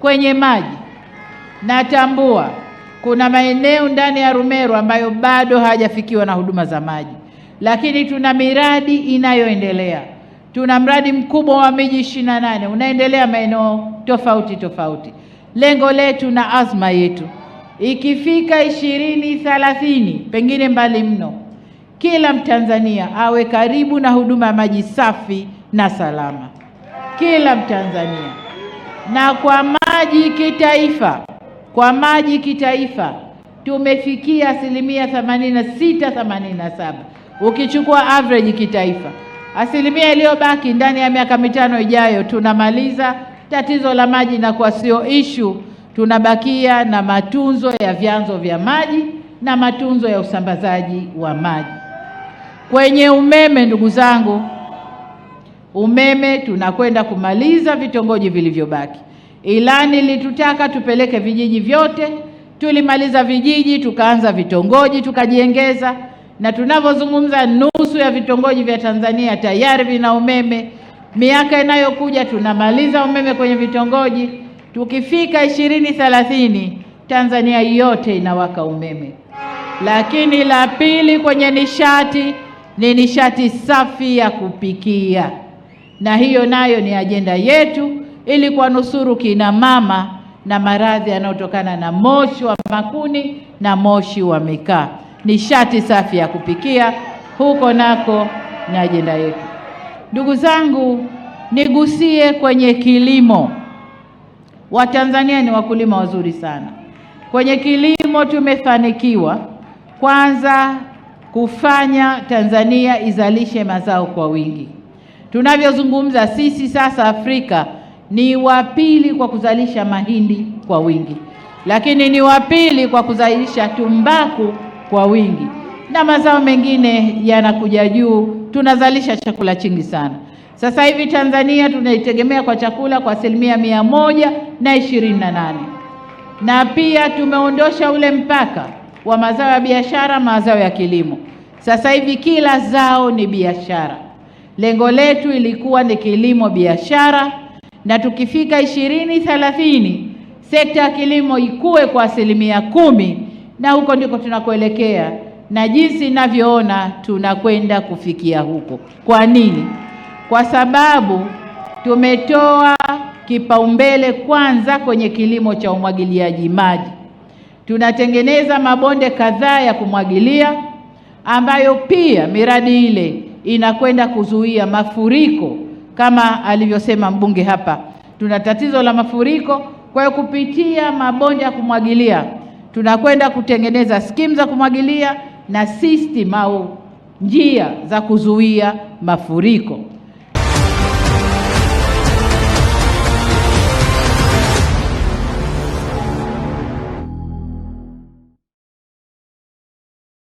kwenye maji. Natambua kuna maeneo ndani ya Rumeru ambayo bado hayajafikiwa na huduma za maji, lakini tuna miradi inayoendelea. Tuna mradi mkubwa wa miji ishirini na nane unaendelea maeneo tofauti tofauti. Lengo letu na azma yetu ikifika ishirini thalathini, pengine mbali mno, kila Mtanzania awe karibu na huduma ya maji safi na salama, kila Mtanzania na kwa maji kitaifa, kwa maji kitaifa tumefikia asilimia 86 87, ukichukua average kitaifa. Asilimia iliyobaki ndani ya miaka mitano ijayo tunamaliza tatizo la maji na kwa sio ishu, tunabakia na matunzo ya vyanzo vya maji na matunzo ya usambazaji wa maji. Kwenye umeme, ndugu zangu, umeme tunakwenda kumaliza vitongoji vilivyobaki. Ilani ilitutaka tupeleke vijiji vyote, tulimaliza vijiji, tukaanza vitongoji, tukajiengeza na tunavyozungumza nusu ya vitongoji vya Tanzania tayari vina umeme. Miaka inayokuja tunamaliza umeme kwenye vitongoji. Tukifika ishirini thelathini, Tanzania yote inawaka umeme. Lakini la pili kwenye nishati ni nishati safi ya kupikia, na hiyo nayo ni ajenda yetu ili kuwanusuru kina mama na maradhi yanayotokana na moshi wa makuni na moshi wa mikaa. Nishati safi ya kupikia huko nako ni ajenda yetu. Ndugu zangu, nigusie kwenye kilimo. Watanzania ni wakulima wazuri sana. Kwenye kilimo tumefanikiwa kwanza kufanya Tanzania izalishe mazao kwa wingi. Tunavyozungumza sisi sasa Afrika ni wa pili kwa kuzalisha mahindi kwa wingi, lakini ni wa pili kwa kuzalisha tumbaku kwa wingi, na mazao mengine yanakuja juu. Tunazalisha chakula chingi sana. Sasa hivi Tanzania tunaitegemea kwa chakula kwa asilimia mia moja na ishirini na nane na pia tumeondosha ule mpaka wa mazao ya biashara, mazao ya kilimo. Sasa hivi kila zao ni biashara. Lengo letu ilikuwa ni kilimo biashara na tukifika ishirini thelathini sekta ya kilimo ikue kwa asilimia kumi, na huko ndiko tunakoelekea, na jinsi ninavyoona tunakwenda kufikia huko. Kwa nini? Kwa sababu tumetoa kipaumbele kwanza kwenye kilimo cha umwagiliaji maji. Tunatengeneza mabonde kadhaa ya kumwagilia ambayo pia miradi ile inakwenda kuzuia mafuriko kama alivyosema mbunge hapa, tuna tatizo la mafuriko. Kwa hiyo kupitia mabonde ya kumwagilia tunakwenda kutengeneza skimu za kumwagilia na system au njia za kuzuia mafuriko.